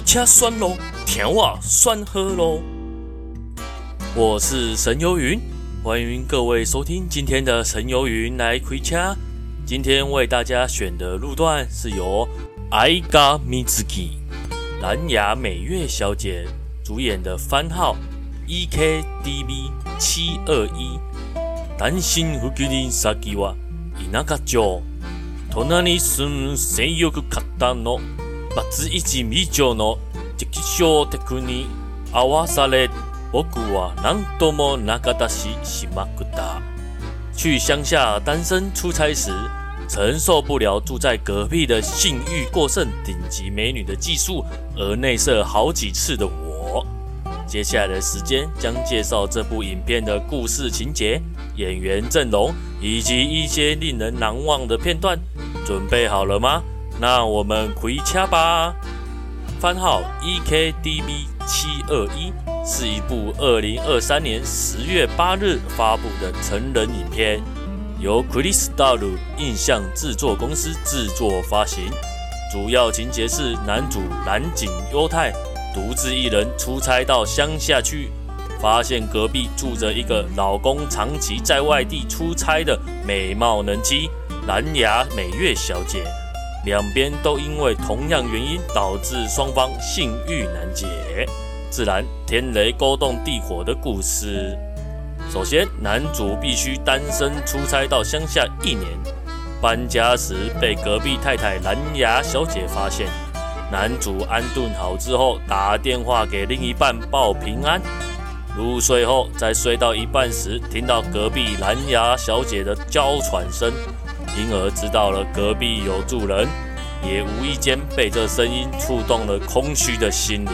吃酸咯，甜哇酸喝咯。我是神遊雲，歡迎各位收聽今天的神遊雲來回家，今天為大家選的路段是由 Aiga Mizuki、藍芽美月小姐主演的番號 EKDV-721。単身赴任先は田舎町。隣に住む性欲過多な。バツイチ美女の極上テクに惑わされ、僕は何度も中出ししまくった。去鄉下單身出差時，承受不了住在隔壁的性欲過剩頂級美女的技術而內射好幾次的我。接下來的時間將介紹這部影片的故事情節、演員陣容以及一些令人難忘的片段。準備好了嗎？那我們回家吧。番號 EKDV 七二一，是一部二零二三年十月八日發佈的成人影片，由 Crystal 印象製作公司製作發行。主要情節是男主藍井優太獨自一人出差到鄉下去，發現隔壁住着一個老公長期在外地出差的美貌人妻藍牙美月小姐。兩邊都因為同樣原因導致雙方性慾難解，自然天雷勾動地火的故事。首先，男主必須單身出差到鄉下一年，搬家時被隔壁太太藍牙小姐發現。男主安頓好之後打電話給另一半報平安，入睡後在睡到一半時聽到隔壁藍牙小姐的嬌喘聲。因而知道了隔壁有住人，也無意間被這聲音觸動了空虛的心靈。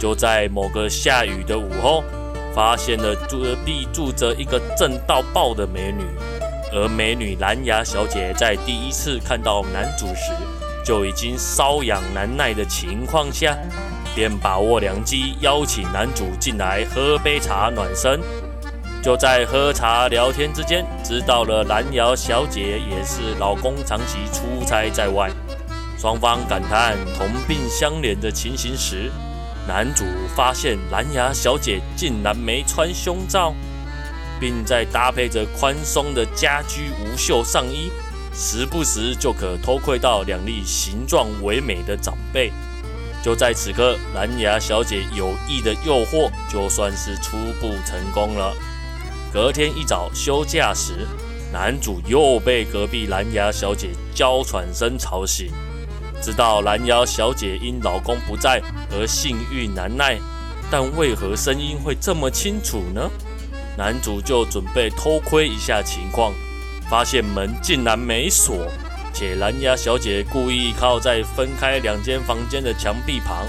就在某個下雨的午後，發現了隔壁住着一個正到爆的美女。而美女藍牙小姐在第一次看到男主時，就已經瘙癢難耐的情況下，便把握良機邀請男主進來喝杯茶暖身。就在喝茶聊天之間，知道了藍芽小姐也是老公長期出差在外，雙方感嘆同病相憐的情形時，男主發現藍芽小姐竟然沒穿胸罩，並在搭配着寬鬆的家居無袖上衣，時不時就可偷窺到兩粒形狀唯美的長輩。就在此刻，藍芽小姐有意的誘惑，就算是初步成功了。隔天一早休假時，男主又被隔壁藍芽小姐嬌喘聲吵醒。知道藍芽小姐因老公不在而性慾難耐，但為何聲音會這麼清楚呢？男主就準備偷窺一下情況，發現門竟然沒鎖，且藍芽小姐故意靠在分開兩間房間的牆壁旁，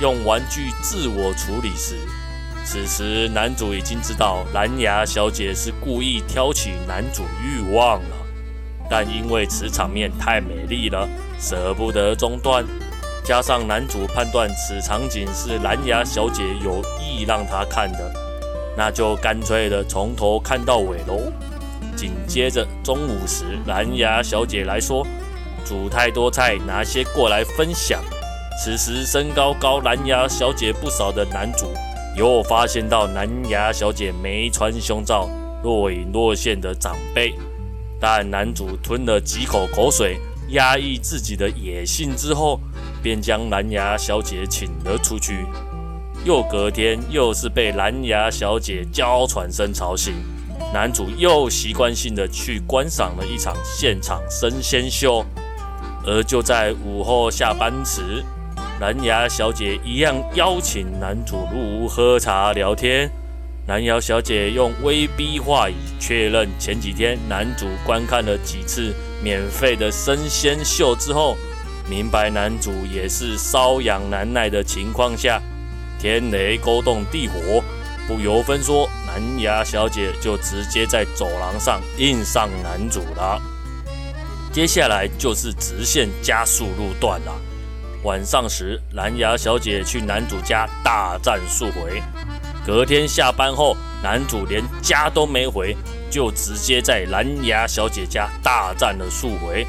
用玩具自我處理時。此時，男主已經知道藍芽小姐是故意挑起男主欲望了，但因為此場面太美麗了，舍不得中斷。加上男主判斷此場景是藍芽小姐有意讓他看的，那就乾脆的從頭看到尾嘍。緊接着，中午時，藍芽小姐來說：“煮太多菜，拿些過來分享。”此時，身高高藍芽小姐不少的男主。又發現到藍牙小姐沒穿胸罩，若隱若現的長輩，但男主吞了幾口口水，壓抑自己的野性之後，便將藍牙小姐請了出去。又隔天，又是被藍牙小姐嬌喘聲吵醒，男主又習慣性的去觀賞了一場現場生鮮秀。而就在午後下班時，藍牙小姐一樣邀請男主入屋喝茶聊天，藍牙小姐用威逼話語確認前幾天男主觀看了幾次免費的生鮮秀之後，明白男主也是瘙癢難耐的情況下，天雷勾動地火，不由分說，藍牙小姐就直接在走廊上硬上男主了，接下來就是直線加速路段了。晚上時，藍芽小姐去男主家大戰數回。隔天下班後，男主連家都沒回，就直接在藍芽小姐家大戰了數回。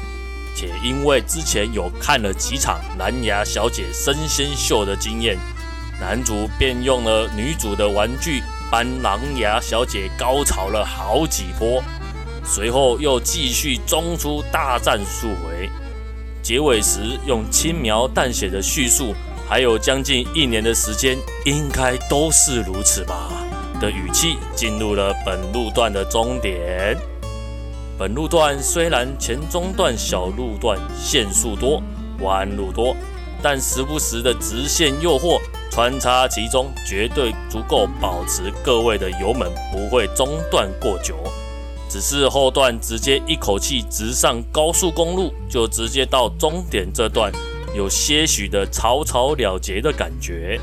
且因為之前有看了幾場藍芽小姐升仙秀的經驗，男主便用了女主的玩具幫藍芽小姐高潮了好幾波，隨後又繼續中出大戰數回。結尾時用輕描淡寫的敘述，還有將近一年的時間，應該都是如此吧的語氣進入了本路段的終點。本路段雖然前中段小路段限速多、彎路多，但時不時的直線誘惑穿插其中，絕對足夠保持各位的油門不會中斷過久。只是後段直接一口氣直上高速公路，就直接到終點。這段有些許的草草了結的感覺，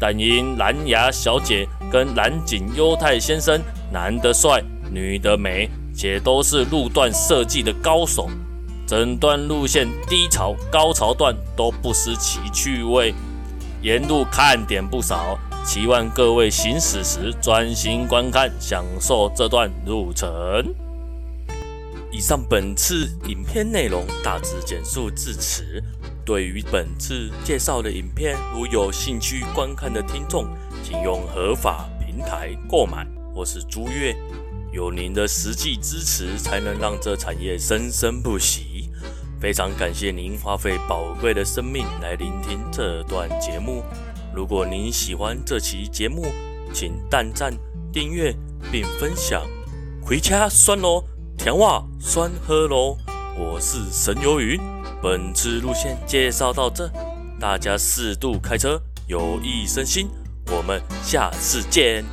但因藍牙小姐跟藍井優太先生男的帥，女的美，且都是路段設計的高手，整段路線低潮、高潮段都不失其趣味，沿路看點不少。希望各位行駛時專心觀看，享受這段路程。以上本次影片內容大致簡述至此。對於本次介紹的影片，如有興趣觀看的聽眾，請用合法平台購買或是租閱，有您的實際支持，才能讓這產業生生不息。非常感謝您花費寶貴的生命來聆聽這段節目。如果您喜歡這期節目，請點讚、訂閱並分享。回家酸咯，甜話酸喝咯。我是神魷魚，本次路線介紹到這，大家適度開車，有益身心。我們下次見。